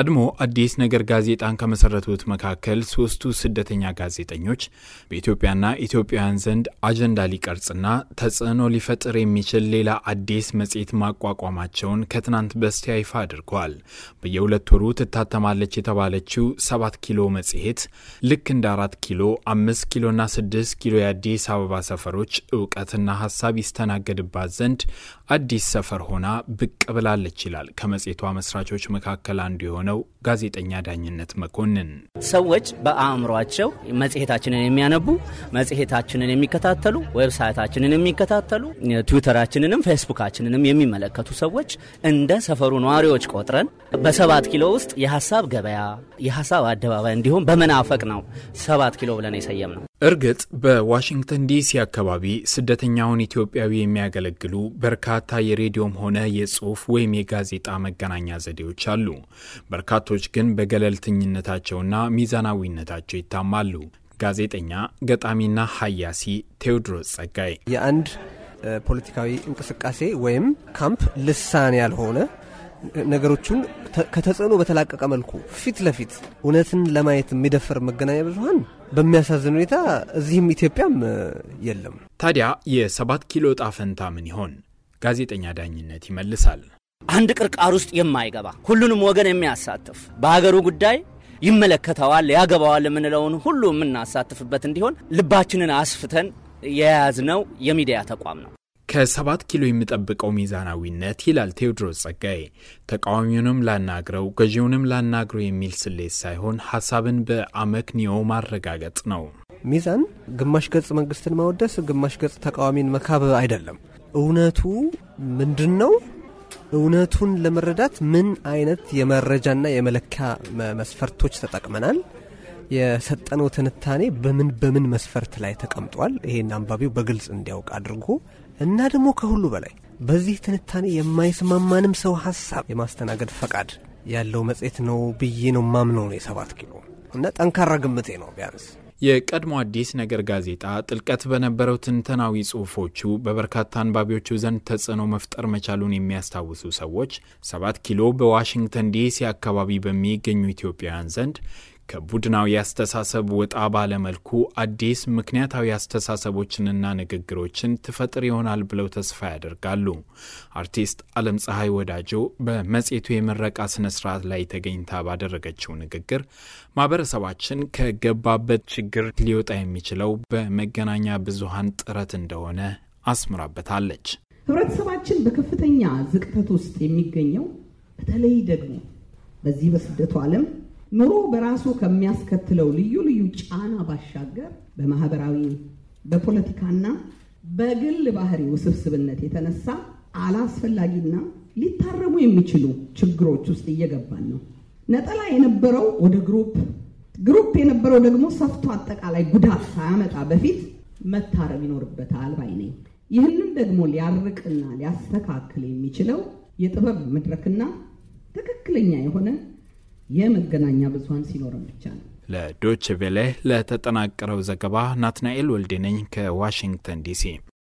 ቀድሞ አዲስ ነገር ጋዜጣን ከመሰረቱት መካከል ሶስቱ ስደተኛ ጋዜጠኞች በኢትዮጵያና ኢትዮጵያውያን ዘንድ አጀንዳ ሊቀርጽና ተጽዕኖ ሊፈጥር የሚችል ሌላ አዲስ መጽሔት ማቋቋማቸውን ከትናንት በስቲያ ይፋ አድርገዋል። በየሁለት ወሩ ትታተማለች የተባለችው ሰባት ኪሎ መጽሔት ልክ እንደ አራት ኪሎ፣ አምስት ኪሎና ስድስት ኪሎ የአዲስ አበባ ሰፈሮች እውቀትና ሀሳብ ይስተናገድባት ዘንድ አዲስ ሰፈር ሆና ብቅ ብላለች ይላል ከመጽሔቷ መስራቾች መካከል አንዱ የሆነ ነው ጋዜጠኛ ዳኝነት መኮንን። ሰዎች በአእምሯቸው መጽሔታችንን የሚያነቡ መጽሔታችንን የሚከታተሉ ዌብሳይታችንን የሚከታተሉ ትዊተራችንንም ፌስቡካችንንም የሚመለከቱ ሰዎች እንደ ሰፈሩ ነዋሪዎች ቆጥረን በሰባት ኪሎ ውስጥ የሀሳብ ገበያ የሀሳብ አደባባይ እንዲሁም በመናፈቅ ነው ሰባት ኪሎ ብለን የሰየም ነው። እርግጥ በዋሽንግተን ዲሲ አካባቢ ስደተኛውን ኢትዮጵያዊ የሚያገለግሉ በርካታ የሬዲዮም ሆነ የጽሑፍ ወይም የጋዜጣ መገናኛ ዘዴዎች አሉ። በርካቶች ግን በገለልተኝነታቸውና ሚዛናዊነታቸው ይታማሉ። ጋዜጠኛ፣ ገጣሚና ሀያሲ ቴዎድሮስ ጸጋይ የአንድ ፖለቲካዊ እንቅስቃሴ ወይም ካምፕ ልሳን ያልሆነ ነገሮችን ከተጽዕኖ በተላቀቀ መልኩ ፊት ለፊት እውነትን ለማየት የሚደፈር መገናኛ ብዙሀን በሚያሳዝን ሁኔታ እዚህም ኢትዮጵያም የለም። ታዲያ የሰባት ኪሎ ዕጣ ፈንታ ምን ይሆን? ጋዜጠኛ ዳኝነት ይመልሳል። አንድ ቅርቃር ውስጥ የማይገባ ሁሉንም ወገን የሚያሳትፍ በሀገሩ ጉዳይ ይመለከተዋል፣ ያገባዋል የምንለውን ሁሉ የምናሳትፍበት እንዲሆን ልባችንን አስፍተን የያዝነው የሚዲያ ተቋም ነው። ከሰባት ኪሎ የሚጠብቀው ሚዛናዊነት ይላል ቴዎድሮስ ጸጋዬ። ተቃዋሚውንም ላናግረው ገዢውንም ላናግረው የሚል ስሌት ሳይሆን ሀሳብን በአመክንዮ ማረጋገጥ ነው። ሚዛን ግማሽ ገጽ መንግስትን ማወደስ፣ ግማሽ ገጽ ተቃዋሚን መካብ አይደለም። እውነቱ ምንድን ነው? እውነቱን ለመረዳት ምን አይነት የመረጃና የመለኪያ መስፈርቶች ተጠቅመናል? የሰጠነው ትንታኔ በምን በምን መስፈርት ላይ ተቀምጧል? ይሄን አንባቢው በግልጽ እንዲያውቅ አድርጎ እና ደግሞ ከሁሉ በላይ በዚህ ትንታኔ የማይስማማንም ሰው ሀሳብ የማስተናገድ ፈቃድ ያለው መጽሔት ነው ብዬ ነው ማምነው ነው የሰባት ኪሎ እና ጠንካራ ግምቴ ነው ቢያንስ የቀድሞ አዲስ ነገር ጋዜጣ ጥልቀት በነበረው ትንተናዊ ጽሁፎቹ በበርካታ አንባቢዎቹ ዘንድ ተጽዕኖ መፍጠር መቻሉን የሚያስታውሱ ሰዎች ሰባት ኪሎ በዋሽንግተን ዲሲ አካባቢ በሚገኙ ኢትዮጵያውያን ዘንድ ከቡድናዊ አስተሳሰብ ወጣ ባለመልኩ አዲስ ምክንያታዊ አስተሳሰቦችንና ንግግሮችን ትፈጥር ይሆናል ብለው ተስፋ ያደርጋሉ። አርቲስት አለም ፀሐይ ወዳጆ በመጽሔቱ የምረቃ ስነ ስርዓት ላይ ተገኝታ ባደረገችው ንግግር ማህበረሰባችን ከገባበት ችግር ሊወጣ የሚችለው በመገናኛ ብዙሃን ጥረት እንደሆነ አስምራበታለች። ህብረተሰባችን በከፍተኛ ዝቅተት ውስጥ የሚገኘው በተለይ ደግሞ በዚህ በስደቱ ዓለም ኑሮ በራሱ ከሚያስከትለው ልዩ ልዩ ጫና ባሻገር በማህበራዊ በፖለቲካና በግል ባህሪ ውስብስብነት የተነሳ አላስፈላጊና ሊታረሙ የሚችሉ ችግሮች ውስጥ እየገባን ነው። ነጠላ የነበረው ወደ ግሩፕ፣ ግሩፕ የነበረው ደግሞ ሰፍቶ አጠቃላይ ጉዳት ሳያመጣ በፊት መታረም ይኖርበታል ባይ ነኝ። ይህንን ደግሞ ሊያርቅና ሊያስተካክል የሚችለው የጥበብ መድረክና ትክክለኛ የሆነ የመገናኛ ብዙሀን ሲኖርም ብቻ ነው። ለዶች ቬሌ ለተጠናቀረው ዘገባ ናትናኤል ወልዴነኝ ከዋሽንግተን ዲሲ